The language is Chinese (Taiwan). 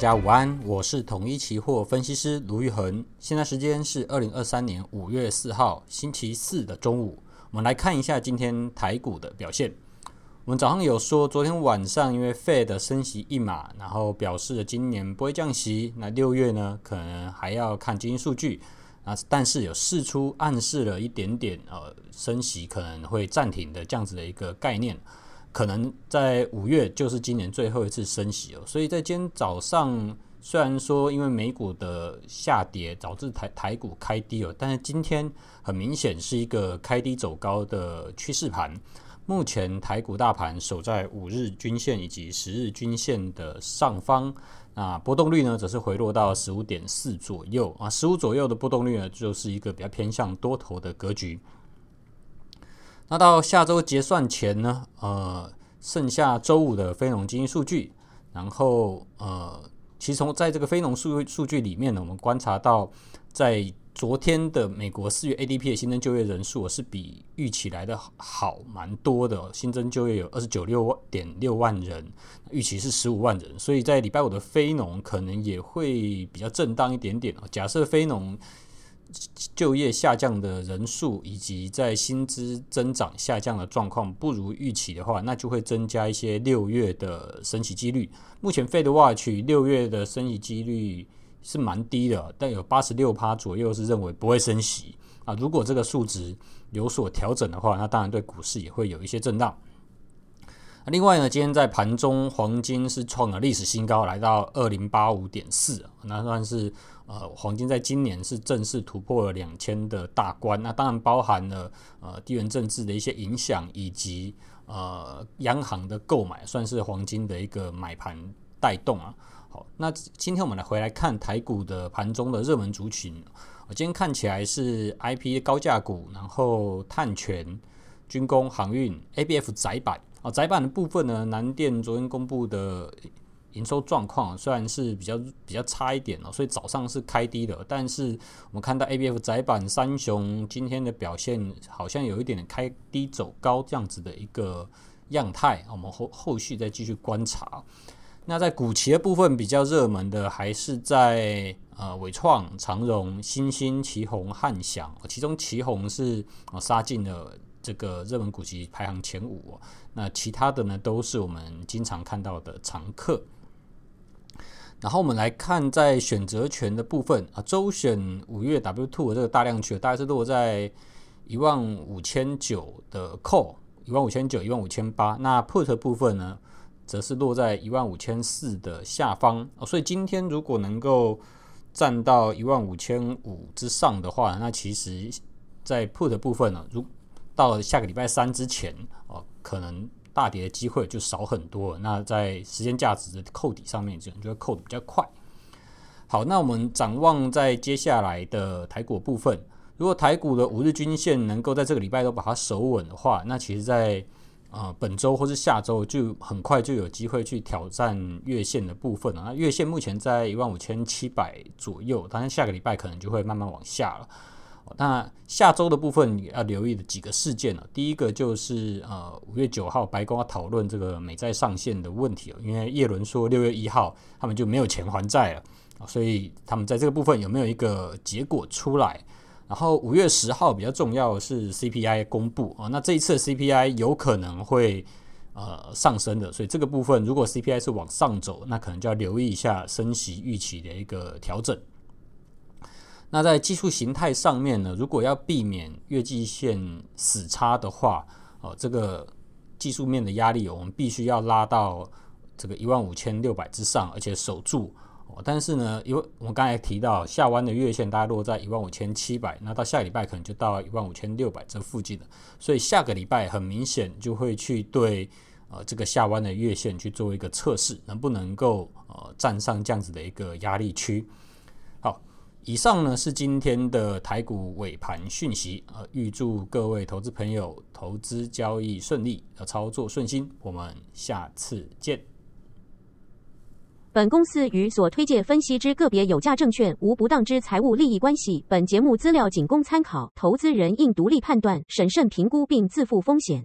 大家午安，我是統一期貨分析師盧昱衡。現在時間是二零二三年五月四號星期四的中午，我們來看一下今天台股的表現。我們早上有說，昨天晚上因為 Fed 升息一碼，然後表示了今年不會降息，那六月呢可能還要看經營數據。但是有釋出暗示了一點點，呃，升息可能會暫停的這樣子的一個概念。可能在五月就是今年最後一次升息哦，所以在今天早上雖然說因為美股的下跌導致台台股開低哦，但是今天很明顯是一個開低走高的趨勢盤。目前台股大盤守在五日均線以及十日均線的上方，啊，波動率呢則是回落到十五點四左右啊，十五左右的波動率呢就是一個比較偏向多頭的格局。那到下週結算前呢？呃，剩下周五的非農經濟數據，然後呃，其實從在這個非農數數據裡面呢，我們觀察到，在昨天的美國四月 ADP 的新增就業人數是比預期來的好好蠻多的，新增就業有二十九六點六萬人，預期是十五萬人，所以在禮拜五的非農可能也會比較震盪一點點。假設非農就業下降的人數以及在薪資增長下降的狀況不如預期的話，那就會增加一些六月的升息幾率。目前費德 d w 六月的升息幾率是蠻低的，但有八十六趴左右是認為不會升息啊。如果這個數值有所調整的話，那當然對股市也會有一些震盪。另外呢，今天在盤中，黃金是創了歷史新高，來到二零八五點四，那算是呃，黃金在今年是正式突破了兩千的大關。那當然包含了呃，地緣政治的一些影響，以及呃，央行的購買，算是黃金的一個買盤帶動啊。好，那今天我們來回來看台股的盤中的熱門族群，我今天看起來是 IP 高價股，然後碳權、軍工、航運、ABF 載板。啊、哦，載板的部分呢，南電昨天公布的營收狀況雖然是比較比較差一點哦，所以早上是開低的。但是我們看到 A B F 載板三雄今天的表現好像有一點點開低走高這樣子的一個樣態，我們後後續再繼續觀察。那在個股的部分比較熱門的還是在呃緯創、長榮、欣興、奇鋐、漢翔，其中奇鋐是呃、哦、殺進了。這個熱門股期排行前五，哦，那其他的呢都是我們經常看到的常客。然後我們來看在選擇權的部分啊，周選五月 W Two 這個大量區大概是落在一萬五千九的 call，一萬五千九，一萬五千八。那 put 的部分呢，則是落在一萬五千四的下方。哦，所以今天如果能夠站到一萬五千五之上的話，那其實在 put 的部分呢、啊，如到了下個禮拜三之前哦，可能大跌的機會就少很多。那在時間價值的扣抵上面，可能就會扣的比較快。好，那我們展望在接下來的台股的部分，如果台股的五日均線能夠在這個禮拜都把它守穩的話，那其實在呃本周或是下周就很快就有機會去挑戰月線的部分了。那月線目前在一萬五千七百左右，當然下個禮拜可能就會慢慢往下了。那下周的部分要留意的幾個事件了，第一個就是呃，五月九號白宮要討論這個美債上限的問題，因為葉倫說六月一號他們就沒有錢還債了，所以他們在這個部分有沒有一個結果出來？然後五月十號比較重要是 CPI 公布啊，那這一次 CPI 有可能會呃上升的，所以這個部分如果 CPI 是往上走，那可能就要留意一下升息預期的一個調整。那在技術形態上面呢，如果要避免月季線死叉的話，哦、呃，這個技術面的壓力，我們必須要拉到這個一萬五千六百之上，而且守住。哦，但是呢，因為我們剛才提到下彎的月線大概落在一萬五千七百，那到下個禮拜可能就到一萬五千六百這附近了，所以下個禮拜很明顯就會去對呃這個下彎的月線去做一個測試，能不能夠呃站上這樣子的一個壓力區。以上呢，是今天的台股尾盤訊息呃，預祝各位投資朋友投資交易順利，呃，操作順心，我們下次見。本公司與所推介分析之個別有價證券無不當之財務利益關係，本節目資料僅供參考，投資人應獨立判斷、審慎評估並自負風險。